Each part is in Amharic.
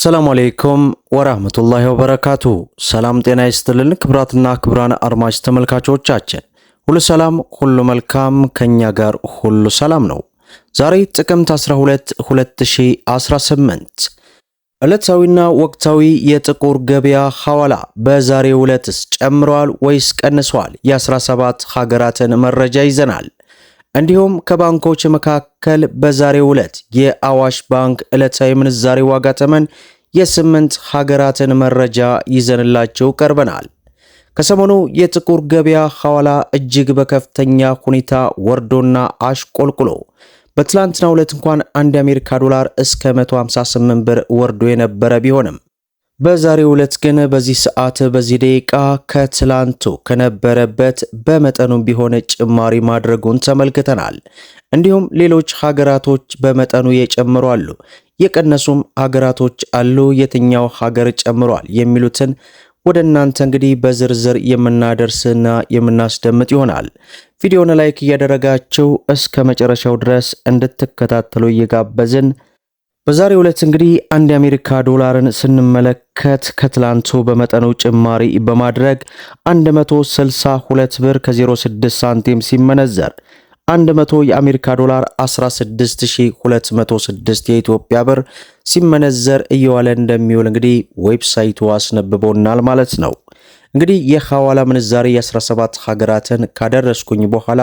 ሰላም አሌይኩም ወራህመቱላሂ ወበረካቱ። ሰላም ጤና ይስጥልን ክብራትና ክብራን አድማጭ ተመልካቾቻችን ሁሉ ሰላም ሁሉ መልካም፣ ከኛ ጋር ሁሉ ሰላም ነው። ዛሬ ጥቅምት 12 2018 ዕለታዊና ወቅታዊ የጥቁር ገበያ ሐዋላ በዛሬው ዕለትስ ጨምረዋል ወይስ ቀንሰዋል? የ17 ሀገራትን መረጃ ይዘናል። እንዲሁም ከባንኮች መካከል በዛሬው ዕለት የአዋሽ ባንክ ዕለታዊ ምንዛሬ ዋጋ ተመን የስምንት ሀገራትን መረጃ ይዘንላቸው ቀርበናል። ከሰሞኑ የጥቁር ገበያ ሐዋላ እጅግ በከፍተኛ ሁኔታ ወርዶና አሽቆልቁሎ በትላንትናው ዕለት እንኳን አንድ የአሜሪካ ዶላር እስከ 158 ብር ወርዶ የነበረ ቢሆንም በዛሬው ዕለት ግን በዚህ ሰዓት በዚህ ደቂቃ ከትላንቱ ከነበረበት በመጠኑም ቢሆን ጭማሪ ማድረጉን ተመልክተናል። እንዲሁም ሌሎች ሀገራቶች በመጠኑ የጨምሩ አሉ፣ የቀነሱም ሀገራቶች አሉ። የትኛው ሀገር ጨምሯል የሚሉትን ወደ እናንተ እንግዲህ በዝርዝር የምናደርስና የምናስደምጥ ይሆናል። ቪዲዮውን ላይክ እያደረጋችሁ እስከ መጨረሻው ድረስ እንድትከታተሉ እየጋበዝን በዛሬ ዕለት እንግዲህ አንድ የአሜሪካ ዶላርን ስንመለከት ከትላንቱ በመጠኑ ጭማሪ በማድረግ 162 ብር ከ06 ሳንቲም ሲመነዘር 100 የአሜሪካ ዶላር 16206 የኢትዮጵያ ብር ሲመነዘር እየዋለ እንደሚውል እንግዲህ ዌብሳይቱ አስነብቦናል ማለት ነው። እንግዲህ የሐዋላ ምንዛሬ የ17 ሀገራትን ካደረስኩኝ በኋላ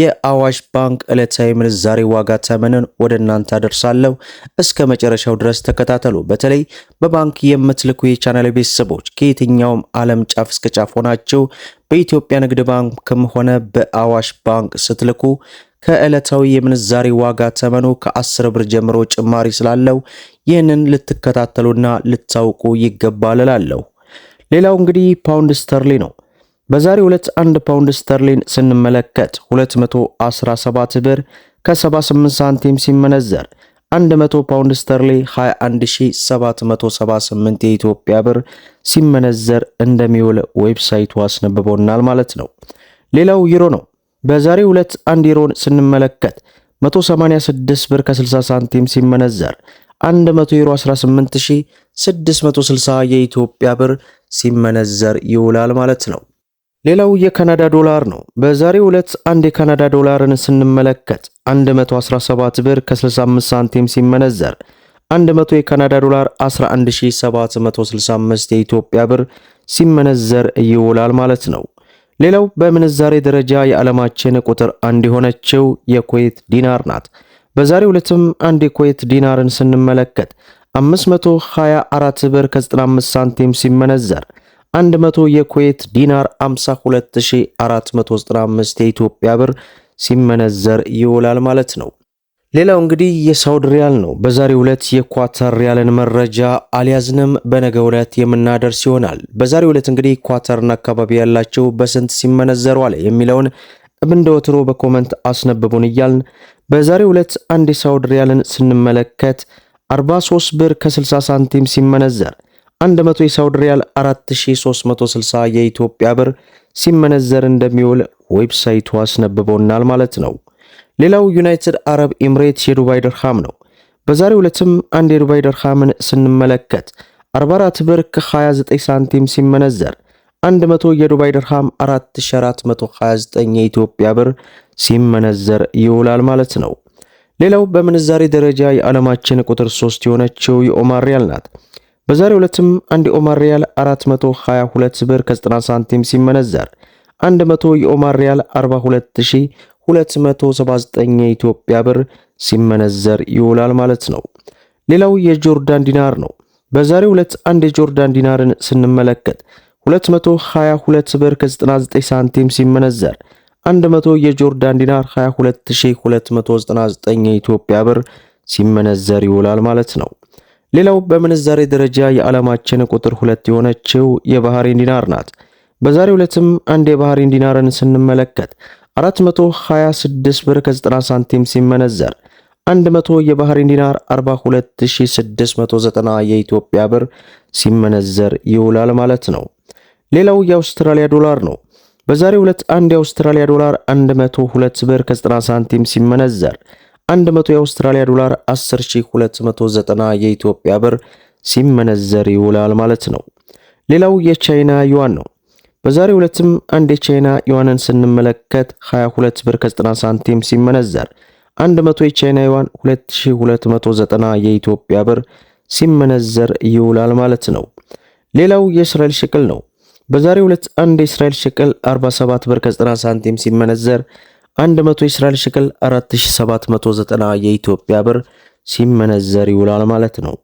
የአዋሽ ባንክ ዕለታዊ ምንዛሬ ዋጋ ተመንን ወደ እናንተ አደርሳለሁ። እስከ መጨረሻው ድረስ ተከታተሉ። በተለይ በባንክ የምትልኩ የቻናል ቤተሰቦች ከየትኛውም ዓለም ጫፍ እስከ ጫፍ ሆናችሁ በኢትዮጵያ ንግድ ባንክም ሆነ በአዋሽ ባንክ ስትልኩ ከዕለታዊ የምንዛሬ ዋጋ ተመኑ ከ10 ብር ጀምሮ ጭማሪ ስላለው ይህንን ልትከታተሉና ልታውቁ ይገባል እላለሁ። ሌላው እንግዲህ ፓውንድ ስተርሊ ነው። በዛሬ ሁለት አንድ ፓውንድ ስተርሊን ስንመለከት 217 ብር ከ78 ሳንቲም ሲመነዘር 100 ፓውንድ ስተርሊን 21778 የኢትዮጵያ ብር ሲመነዘር እንደሚውል ዌብሳይቱ አስነብቦናል ማለት ነው። ሌላው ዩሮ ነው። በዛሬ ሁለት አንድ ዩሮን ስንመለከት 186 ብር ከ60 ሳንቲም ሲመነዘር 100 ዩሮ 18660 የኢትዮጵያ ብር ሲመነዘር ይውላል ማለት ነው። ሌላው የካናዳ ዶላር ነው። በዛሬ ዕለት አንድ የካናዳ ዶላርን ስንመለከት 117 ብር ከ65 ሳንቲም ሲመነዘር 100 የካናዳ ዶላር 11765 የኢትዮጵያ ብር ሲመነዘር ይውላል ማለት ነው። ሌላው በምንዛሬ ደረጃ የዓለማችን ቁጥር አንድ የሆነችው የኩዌት ዲናር ናት። በዛሬ ዕለትም አንድ የኩዌት ዲናርን ስንመለከት 524 ብር ከ95 ሳንቲም ሲመነዘር 100 የኩዌት ዲናር 52495 የኢትዮጵያ ብር ሲመነዘር ይውላል ማለት ነው። ሌላው እንግዲህ የሳውዲ ሪያል ነው። በዛሬው ዕለት የኳተር ሪያልን መረጃ አልያዝንም፣ በነገው ዕለት የምናደርስ ይሆናል። በዛሬው ዕለት እንግዲህ ኳተርና አካባቢ ያላቸው በስንት ሲመነዘሩ አለ የሚለውን እንደ ወትሮ በኮመንት አስነብቡን እያልን በዛሬው ዕለት አንድ የሳውዲ ሪያልን ስንመለከት 43 ብር ከ60 ሳንቲም ሲመነዘር 100 የሳውዲ ሪያል 4360 የኢትዮጵያ ብር ሲመነዘር እንደሚውል ዌብሳይቱ አስነብቦናል ማለት ነው። ሌላው ዩናይትድ አረብ ኤምሬት የዱባይ ድርሃም ነው። በዛሬው ዕለትም አንድ የዱባይ ድርሃምን ስንመለከት 44 ብር ከ29 ሳንቲም ሲመነዘር 100 የዱባይ ድርሃም 4429 የኢትዮጵያ ብር ሲመነዘር ይውላል ማለት ነው። ሌላው በምንዛሬ ደረጃ የዓለማችን ቁጥር 3 የሆነችው የኦማር ሪያል ናት። በዛሬው ዕለትም አንድ የኦማር ሪያል 422 ብር ከ90 ሳንቲም ሲመነዘር 100 የኦማር ሪያል 42279 የኢትዮጵያ ብር ሲመነዘር ይውላል ማለት ነው። ሌላው የጆርዳን ዲናር ነው። በዛሬው ዕለት አንድ የጆርዳን ዲናርን ስንመለከት 222 ብር ከ99 ሳንቲም ሲመነዘር 100 የጆርዳን ዲናር 22299 የኢትዮጵያ ብር ሲመነዘር ይውላል ማለት ነው። ሌላው በምንዛሬ ደረጃ የዓለማችን ቁጥር ሁለት የሆነችው የባህሪን ዲናር ናት። በዛሬው ዕለትም አንድ የባህሪን ዲናርን ስንመለከት 426 ብር ከ90 ሳንቲም ሲመነዘር 100 የባህሪን ዲናር 42690 የኢትዮጵያ ብር ሲመነዘር ይውላል ማለት ነው። ሌላው የአውስትራሊያ ዶላር ነው። በዛሬው ዕለት አንድ የአውስትራሊያ ዶላር 102 ብር ከ90 ሳንቲም ሲመነዘር 100 የአውስትራሊያ ዶላር 10290 የኢትዮጵያ ብር ሲመነዘር ይውላል ማለት ነው። ሌላው የቻይና ዩዋን ነው። በዛሬ ሁለትም አንድ የቻይና ዩዋንን ስንመለከት 22 ብር ከ90 ሳንቲም ሲመነዘር 100 የቻይና ዩዋን 2290 የኢትዮጵያ ብር ሲመነዘር ይውላል ማለት ነው። ሌላው የእስራኤል ሽቅል ነው። በዛሬ ሁለት አንድ የእስራኤል ሽቅል 47 ብር ከ90 ሳንቲም ሲመነዘር 100 የእስራኤል ሽቅል 4790 የኢትዮጵያ ብር ሲመነዘር ይውላል ማለት ነው።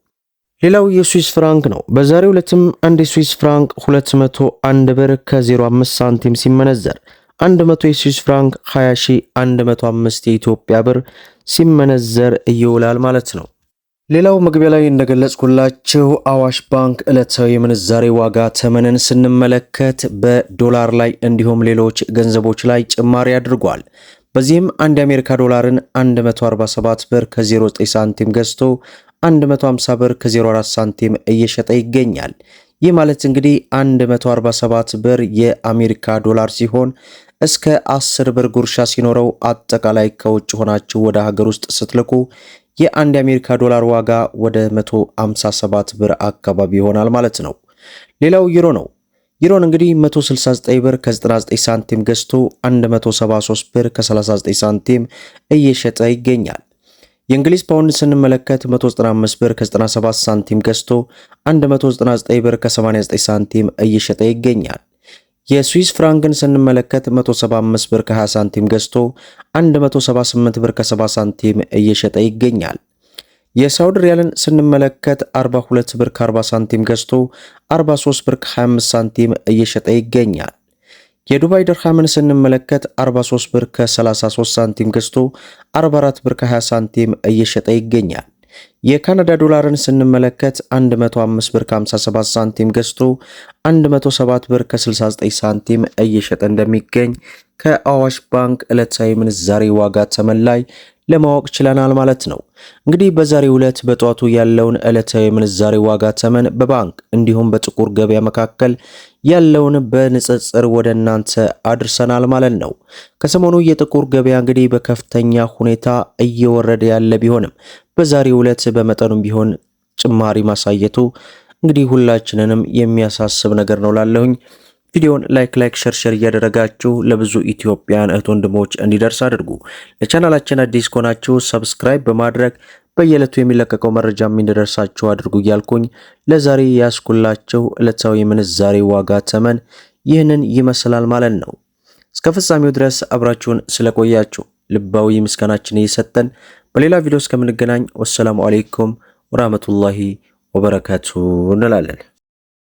ሌላው የስዊስ ፍራንክ ነው። በዛሬ ሁለትም አንድ የስዊስ ፍራንክ 201 ብር ከ05 ሳንቲም ሲመነዘር 100 የስዊስ ፍራንክ 20105 የኢትዮጵያ ብር ሲመነዘር ይውላል ማለት ነው። ሌላው መግቢያ ላይ እንደገለጽኩላችሁ አዋሽ ባንክ ዕለታዊ የምንዛሬ ዋጋ ተመንን ስንመለከት በዶላር ላይ እንዲሁም ሌሎች ገንዘቦች ላይ ጭማሪ አድርጓል። በዚህም አንድ የአሜሪካ ዶላርን 147 ብር ከ09 ሳንቲም ገዝቶ 150 ብር ከ04 ሳንቲም እየሸጠ ይገኛል። ይህ ማለት እንግዲህ 147 ብር የአሜሪካ ዶላር ሲሆን እስከ 10 ብር ጉርሻ ሲኖረው አጠቃላይ ከውጭ ሆናችሁ ወደ ሀገር ውስጥ ስትልኩ የአንድ የአሜሪካ ዶላር ዋጋ ወደ 157 ብር አካባቢ ይሆናል ማለት ነው። ሌላው ዩሮ ነው። ዩሮን እንግዲህ 169 ብር ከ99 ሳንቲም ገዝቶ 173 ብር ከ39 ሳንቲም እየሸጠ ይገኛል። የእንግሊዝ ፓውንድ ስንመለከት 195 ብር ከ97 ሳንቲም ገዝቶ 199 ብር ከ89 ሳንቲም እየሸጠ ይገኛል። የስዊስ ፍራንክን ስንመለከት 175 ብር ከ20 ሳንቲም ገዝቶ 178 ብር ከ70 ሳንቲም እየሸጠ ይገኛል። የሳውዲ ሪያልን ስንመለከት 42 ብር ከ40 ሳንቲም ገዝቶ 43 ብር ከ25 ሳንቲም እየሸጠ ይገኛል። የዱባይ ድርሃምን ስንመለከት 43 ብር ከ33 ሳንቲም ገዝቶ 44 ብር ከ20 ሳንቲም እየሸጠ ይገኛል። የካናዳ ዶላርን ስንመለከት 105 ብር ከ57 ሳንቲም ገዝቶ 107 ብር ከ69 ሳንቲም እየሸጠ እንደሚገኝ ከአዋሽ ባንክ ዕለታዊ ምንዛሬ ዋጋ ተመላይ። ለማወቅ ችለናል ማለት ነው። እንግዲህ በዛሬው ዕለት በጧቱ ያለውን ዕለታዊ ምንዛሬ ዋጋ ተመን በባንክ እንዲሁም በጥቁር ገበያ መካከል ያለውን በንጽጽር ወደ እናንተ አድርሰናል ማለት ነው። ከሰሞኑ የጥቁር ገበያ እንግዲህ በከፍተኛ ሁኔታ እየወረደ ያለ ቢሆንም በዛሬው ዕለት በመጠኑም ቢሆን ጭማሪ ማሳየቱ እንግዲህ ሁላችንንም የሚያሳስብ ነገር ነው ላለሁኝ ቪዲዮን ላይክ ላይክ ሸር ሸር እያደረጋችሁ ለብዙ ኢትዮጵያን እህት ወንድሞች እንዲደርስ አድርጉ። ለቻናላችን አዲስ ከሆናችሁ ሰብስክራይብ በማድረግ በየዕለቱ የሚለቀቀው መረጃ እንዲደርሳችሁ አድርጉ እያልኩኝ ለዛሬ ያስኩላችሁ ዕለታዊ ምንዛሬ ዋጋ ተመን ይህንን ይመስላል ማለት ነው። እስከ ፍጻሜው ድረስ አብራችሁን ስለቆያችሁ ልባዊ ምስጋናችን እየሰጠን በሌላ ቪዲዮ እስከምንገናኝ ወሰላሙ አሌይኩም ወራህመቱላሂ ወበረካቱ እንላለን።